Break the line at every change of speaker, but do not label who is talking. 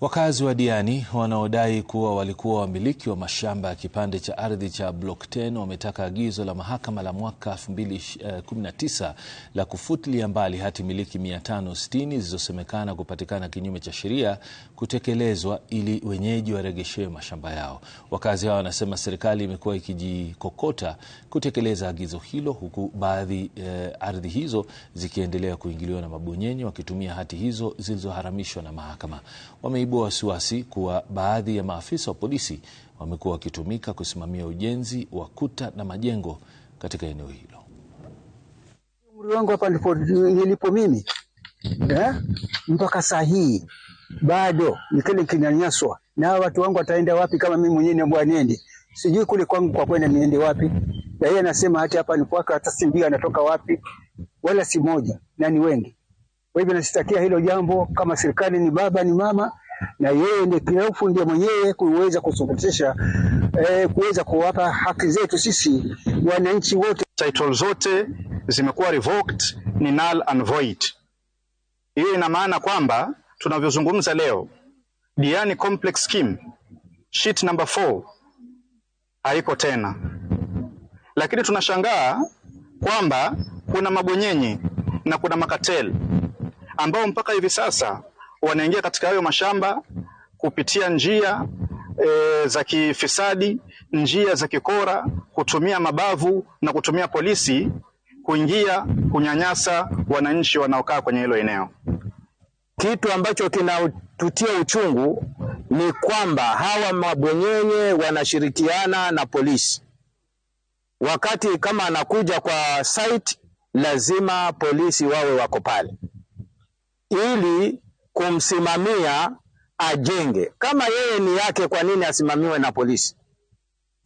Wakazi wa Diani wanaodai kuwa walikuwa wamiliki wa mashamba ya kipande cha ardhi cha Block 10 wametaka agizo la mahakama la mwaka 2019 eh, la kufutilia mbali hati miliki 560 zilizosemekana kupatikana kinyume cha sheria kutekelezwa ili wenyeji waregeshewe mashamba yao. Wakazi hao wanasema serikali imekuwa ikijikokota kutekeleza agizo hilo huku baadhi eh, ardhi hizo zikiendelea kuingiliwa na mabwenyenye wakitumia hati hizo zilizoharamishwa na mahakama Wame imeibua wasiwasi kuwa baadhi ya maafisa wa polisi wamekuwa wakitumika kusimamia ujenzi wa kuta na majengo katika eneo hilo.
Umri wangu hapa nilipo mimi eh, mpaka saa hii bado nikile kinanyanyaswa na watu wangu, wataenda wapi kama mimi mwenyewe niambwa niende? Sijui kule kwangu kwa kwenda niende wapi, na yeye anasema hata hapa ni kwake, hata simbii anatoka wapi, wala si moja na ni wengi. Kwa hivyo nasitakia hilo jambo, kama serikali ni baba ni mama, na yeye ndiye kirefu ndiye mwenyewe kuweza kusokotesha eh, kuweza kuwapa haki zetu sisi wananchi wote.
Title zote zimekuwa revoked, ni null and void. Hiyo ina maana kwamba tunavyozungumza leo Diani Complex Scheme sheet number 4 haiko tena, lakini tunashangaa kwamba kuna mabonyenye na kuna makatel ambao mpaka hivi sasa wanaingia katika hayo mashamba kupitia njia e, za kifisadi, njia za kikora, kutumia mabavu na kutumia polisi kuingia kunyanyasa wananchi wanaokaa kwenye hilo eneo.
Kitu ambacho kinatutia uchungu ni kwamba hawa mabwenyenye wanashirikiana na polisi. Wakati kama anakuja kwa site, lazima polisi wawe wako pale ili kumsimamia ajenge. Kama yeye ni yake, kwa nini asimamiwe na polisi?